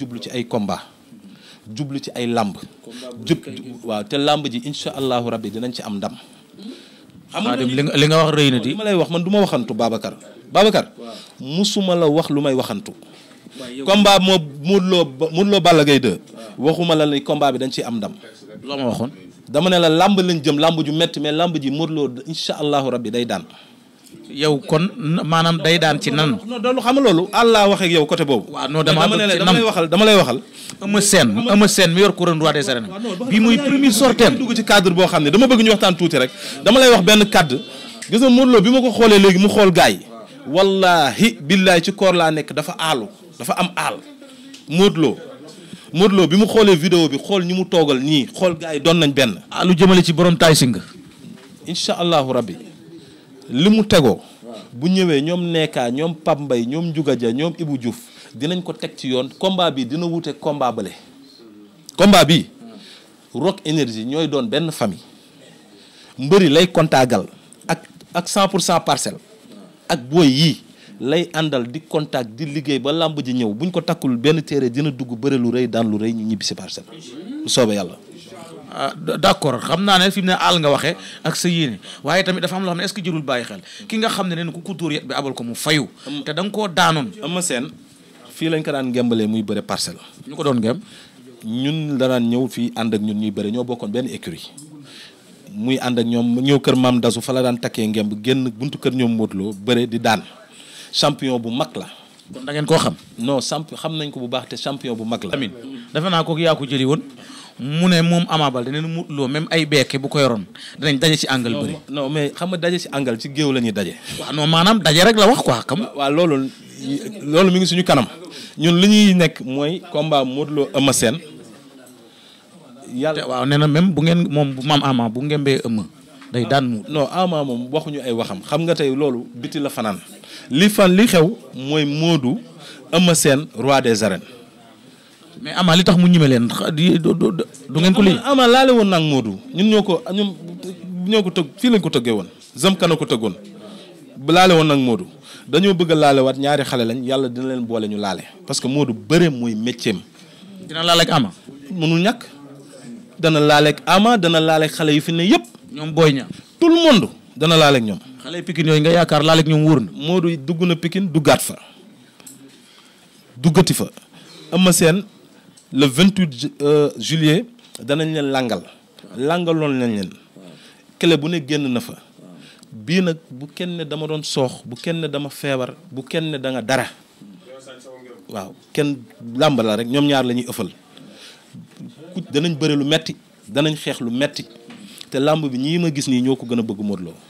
jublu ci ay combat jublu ci ay làmb jub waaw te làmb ji incha allahu rabbi dinañ ci am ndam xam nga li nga wax rëy na di wax man du ma waxantu Babacar Babacar musuma la wax lu may waxantu combat moo Modou Lo Modou Lo Balla Gaye waxuma la ni combat bi dañ ciy am ndam ma waxoon dama ne la làmb lañ jëm làmb ju metti mais làmb ji Modou Lo incha allahu rabbi day daan yow kon maanaam day daan ci nan. non doon xam loolu. allah laa ak yow côté boobu. waaw non dama dama lay waxal dama lay waxal. Eumeu Sène Eumeu Sène mi yor couronne roi des arènes bi muy premier sorteem dugg ci cadre boo xam ne dama bëgg ñu waxtaan tuuti rek dama wax benn cadre gis nga bi ma ko xoolee léegi mu xool gaay yi wallahi billahi ci koor laa nekk dafa aalu dafa am aal Modou Lo bi mu xoolee vidéo bi xool ñi mu toogal ñii xool gaay yi doon nañ benn. alu jëmale ci borom Tay Shinger. incha allahu rabbi. li mu tegoo bu ñëwee ñoom nekkaa ñoom Pape Mbaye ñoom Ndiouga Dia ñoom Ibou Diouf dinañ ko teg ci yoon combat bi dina wute combat bële combat bi Rock Énergie ñooy doon benn famille mbëri lay kontaagal ak ak 100 pour cent parcelle ak booy yii lay àndal di contact di liggéey ba làmb ji ñëw buñ ko takkul benn téere dina dugg bëre lu rëy daan lu rëy ñu ñibbi si parcelle bu soobee yàlla Ah, d'accord xam naa ne fi mu ne àll nga waxee ak sa yéene waaye tamit dafa am loo xam ne est-ce bàyyi xel ki nga xam ne ne ku ko dóor yet bi abal ko mu fayu te da nga koo daanoon Eumeu Sène fii lañ ko daan ngembalee muy bëre parcelle ñu ko doon ngem ñun danaan ñëw fii ànd ak ñun ñuy bëre ñoo bokkoon benn écurie muy ànd ak ñoom ñëw kër maam dasu fa la daan takkee ngemb génn buntu kër ñoom Modou Lo bëre di daan champion bu mag la kon da ngeen koo xam non champ xam nañ ko bu baax te champion bu mag la defe naa ko yaa ko jëli mu ne moom Ama Baldé nee na loo Lo même ay bekke bu ko yoroon danañ daje ci angle bëri. non mais xam nga daje ci angle ci géew la ñuy daje. waaw maanaam daje rek la wax quoi. xam waa loolu loolu mi ngi suñu kanam ñun li ñuy nekk mooy combat Modou Lo Eumeu seen yàlla waaw nee na même bu ngeen moom bu maam Ama bu ngeen bee Eumeu day daan mu. non Ama moom waxuñu ay waxam xam nga tey loolu biti la fanaan li fan li xew mooy moodu Eumeu seen roi des arènes. mais amaa li tax mu ñime leen du ngeen ko lii. Ama laale woon nag Modou ñun ñoo ko ñun ñoo ko tëgg fii lañ ko tëggee woon Zamkana ko tëggoon laale woon nag moodu dañoo bëgg laale waat ñaari xale lañ yàlla dina leen boole ñu laale parce que Modou bëre mooy métier dina laale Ama. mënul ñàkk dana laale ak Ama dana laale xale yi fi ne yëpp. ñoom booy ña. tout le monde dana laale ñoom. xale yu Pikine nga yaakaar laale ak ñoom wóor na. Modou dugg na Pikine duggaat fa duggati fa Eumeu Sène le 28 euh, juillet danañ leen langal langaloon nañ leen kele bu ne génn na fa bii nag bu kenn dama doon soox bu kenn dama feebar bu kenn ne da nga dara waaw kenn làmb la rek ñoom ñaar lañuy ñuy ëffal danañ bëre lu metti danañ xeex lu metti te làmb bi ñii ma gis nii ñoo ko gën a bëgg Modou